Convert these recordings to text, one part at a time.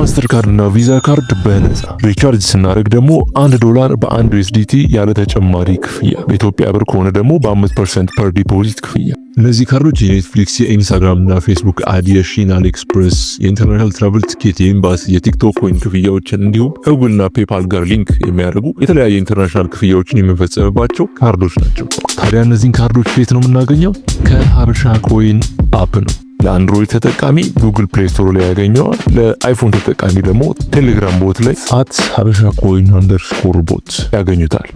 ማስተር ካርድ እና ቪዛ ካርድ በነፃ ሪቻርጅ ስናደርግ ደግሞ አንድ ዶላር በአንድ ዩኤስዲቲ ያለ ተጨማሪ ክፍያ በኢትዮጵያ ብር ከሆነ ደግሞ በ5 ፐርሰንት ፐር ዲፖዚት ክፍያ። እነዚህ ካርዶች የኔትፍሊክስ፣ የኢንስታግራም እና ፌስቡክ አድ፣ የሺን፣ አሊኤክስፕረስ፣ የኢንተርናሽናል ትራቭል ትኬት፣ የኤምባሲ፣ የቲክቶክ ኮይን ክፍያዎችን እንዲሁም ከጉግል እና ፔፓል ጋር ሊንክ የሚያደርጉ የተለያዩ ኢንተርናሽናል ክፍያዎችን የምንፈጸምባቸው ካርዶች ናቸው። ታዲያ እነዚህን ካርዶች ቤት ነው የምናገኘው? ከሀበሻ ኮይን አፕ ነው። ለአንድሮይድ ተጠቃሚ ጉግል ፕሌይ ስቶር ላይ ያገኘዋል። ለአይፎን ተጠቃሚ ደግሞ ቴሌግራም ቦት ላይ አት ሀበሻ ኮይን አንደርስኮር ቦት ያገኙታል።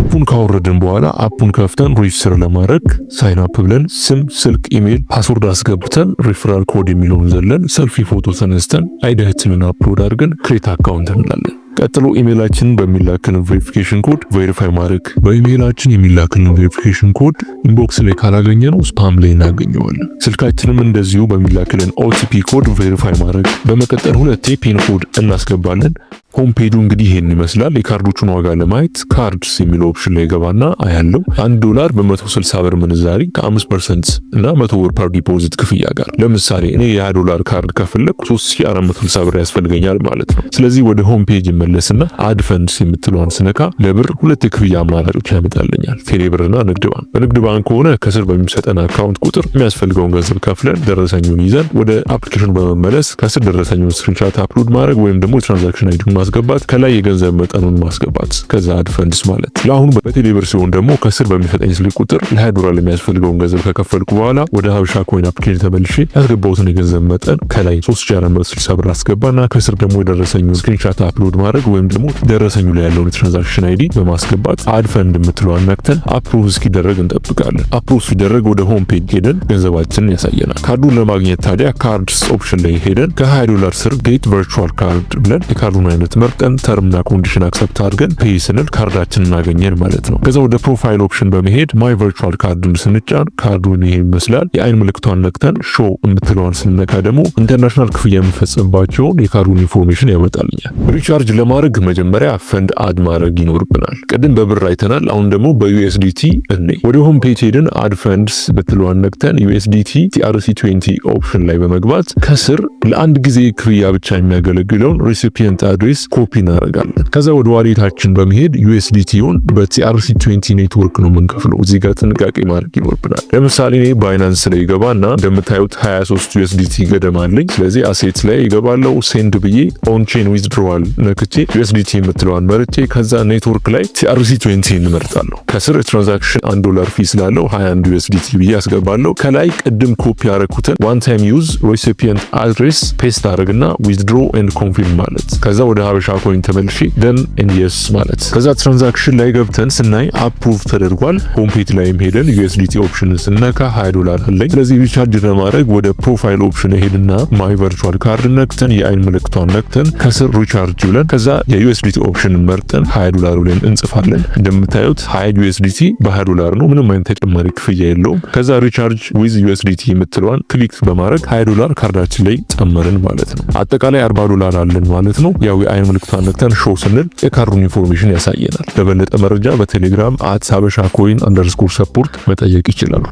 አፑን ካወረድን በኋላ አፑን ከፍተን ሬጅስተር ለማድረግ ሳይን አፕ ብለን ስም፣ ስልክ፣ ኢሜይል፣ ፓስወርድ አስገብተን ሪፈራል ኮድ የሚለውን ዘለን ሰልፊ ፎቶ ተነስተን አይዲያችንን አፕሎድ አድርገን ክሬት አካውንት እንላለን። ቀጥሎ ኢሜይላችንን በሚላክልን ቬሪፊኬሽን ኮድ ቬሪፋይ ማድረግ። በኢሜይላችን የሚላክልን ቬሪፊኬሽን ኮድ ኢንቦክስ ላይ ካላገኘ ነው ስፓም ላይ እናገኘዋለን። ስልካችንም እንደዚሁ በሚላክልን ኦቲፒ ኮድ ቬሪፋይ ማድረግ። በመቀጠል ሁለቴ ፒን ኮድ እናስገባለን። ሆም ፔጁ እንግዲህ ይሄን ይመስላል። የካርዶቹን ዋጋ ለማየት ካርድስ የሚለው ኦፕሽን ላይ ገባና አያለው አንድ ዶላር በ160 ብር ምንዛሪ ከ5 ፐርሰንት እና 100 ብር ፐር ዲፖዚት ክፍያ ጋር ለምሳሌ እኔ የ20 ዶላር ካርድ ከፈለኩ 3460 ብር ያስፈልገኛል ማለት ነው። ስለዚህ ወደ ሆም ፔጅ መለስና አድ ፈንድስ የምትለዋን ስነካ ለብር ሁለት የክፍያ አማራጮች ያመጣልኛል፣ ቴሌ ንግድ ባንክ። በንግድ ባንክ ከሆነ ከስር በሚሰጠን አካውንት ቁጥር የሚያስፈልገውን ገንዘብ ከፍለን ደረሰኙን ይዘን ወደ አፕሊኬሽን በመመለስ ከስር ደረሰኙን ስክሪንሻት አፕሎድ ማድረግ ወይም ደግሞ የትራንዛክሽን አይዲ ማስገባት፣ ከላይ የገንዘብ መጠኑን ማስገባት፣ ከዛ አድ ፈንድስ ማለት። ለአሁኑ በቴሌብር ሲሆን ደግሞ ከስር በሚሰጠኝ ስልክ ቁጥር ለ የሚያስፈልገውን ገንዘብ ከከፈልኩ በኋላ ወደ ሀበሻ ኮይን አፕሊኬሽን ተመልሼ ያስገባሁትን የገንዘብ መጠን ከላይ 3460 ብር አስገባና ከስር ደግሞ የደረሰኙ ስክሪንሻት አፕሎድ ማድረግ ወይም ደግሞ ደረሰኙ ላይ ያለውን የትራንዛክሽን አይዲ በማስገባት አድ ፈንድ የምትለዋን ነክተን አፕሮቭ እስኪደረግ እንጠብቃለን። አፕሮቭ ሲደረግ ወደ ሆም ፔጅ ሄደን ገንዘባችንን ያሳየናል። ካርዱን ለማግኘት ታዲያ ካርድስ ኦፕሽን ላይ ሄደን ከ20 ዶላር ስር ጌት ቨርቹዋል ካርድ ብለን የካርዱን አይነት ማለት መርጠን ተርምና ኮንዲሽን አክሰፕት አድርገን ፔይ ስንል ካርዳችን እናገኘን ማለት ነው። ከዛ ወደ ፕሮፋይል ኦፕሽን በመሄድ ማይ ቨርቹዋል ካርድን ስንጫን ካርዱን ይሄ ይመስላል። የአይን ምልክቷን ነቅተን ሾ የምትለዋን ስንነካ ደግሞ ኢንተርናሽናል ክፍያ የምፈጽምባቸውን የካርዱን ኢንፎርሜሽን ያመጣልኛል። ሪቻርጅ ለማድረግ መጀመሪያ ፈንድ አድ ማድረግ ይኖርብናል። ቅድም በብር አይተናል። አሁን ደግሞ በዩኤስዲቲ እኔ ወደ ሆም ፔጅ ሄድን አድ ፈንድስ ብትለዋን ነቅተን ዩኤስዲቲ ቲአርሲ 20 ኦፕሽን ላይ በመግባት ከስር ለአንድ ጊዜ ክፍያ ብቻ የሚያገለግለውን ሪሲፒየንት አድሬስ ዲቫይስ ኮፒ እናደርጋለን። ከዛ ወደ ዋሌታችን በመሄድ ዩኤስዲቲውን በቲአርሲ 20 ኔትወርክ ነው የምንከፍለው። እዚህ ጋር ጥንቃቄ ማድረግ ይኖርብናል። ለምሳሌ እኔ ባይናንስ ላይ ይገባ እና እንደምታዩት 23 ዩኤስዲቲ ገደማ አለኝ። ስለዚህ አሴት ላይ ይገባለው ሴንድ ብዬ ኦንቼን ዊዝድሮዋል ነክቼ ዩኤስዲቲ የምትለዋን መርቼ ከዛ ኔትወርክ ላይ ቲአርሲ 20 እንመርጣለሁ። ከስር ትራንዛክሽን አንድ ዶላር ፊ ስላለው 21 ዩኤስዲቲ ብዬ ያስገባለሁ። ከላይ ቅድም ኮፒ ያረኩትን ዋን ታይም ዩዝ ሬሲፒየንት አድሬስ ፔስት አድረግና ዊዝድሮ ኤንድ ኮንፊርም ማለት ከዛ ወደ ሀበሻ ኮይን ተመልሺ ደን ኤንጂኤስ ማለት ከዛ ትራንዛክሽን ላይ ገብተን ስናይ አፕሩቭ ተደርጓል። ኮምፒት ላይም ሄደን ዩኤስዲቲ ኦፕሽን ስነካ 20 ዶላር አለኝ። ስለዚህ ሪቻርጅ ለማድረግ ወደ ፕሮፋይል ኦፕሽን ሄድና ማይ ቨርቹዋል ካርድ ነክተን የአይን ምልክቷን ነክተን ከስር ሪቻርጅ ብለን ከዛ የዩኤስዲቲ ኦፕሽን መርጠን 20 ዶላር ብለን እንጽፋለን። እንደምታዩት 20 ዩኤስዲቲ በ20 ዶላር ነው። ምንም አይነት ተጨማሪ ክፍያ የለውም። ከዛ ሪቻርጅ ዊዝ ዩኤስዲቲ የምትለዋን ክሊክ በማድረግ 20 ዶላር ካርዳችን ላይ ጨመርን ማለት ነው። አጠቃላይ 40 ዶላር አለን ማለት ነው ያው የአይን ምልክቷን ነክተን ሾው ስንል የካርዱን ኢንፎርሜሽን ያሳየናል። ለበለጠ መረጃ በቴሌግራም አት ሀበሻ ኮይን አንደርስኮር ሰፖርት መጠየቅ ይችላሉ።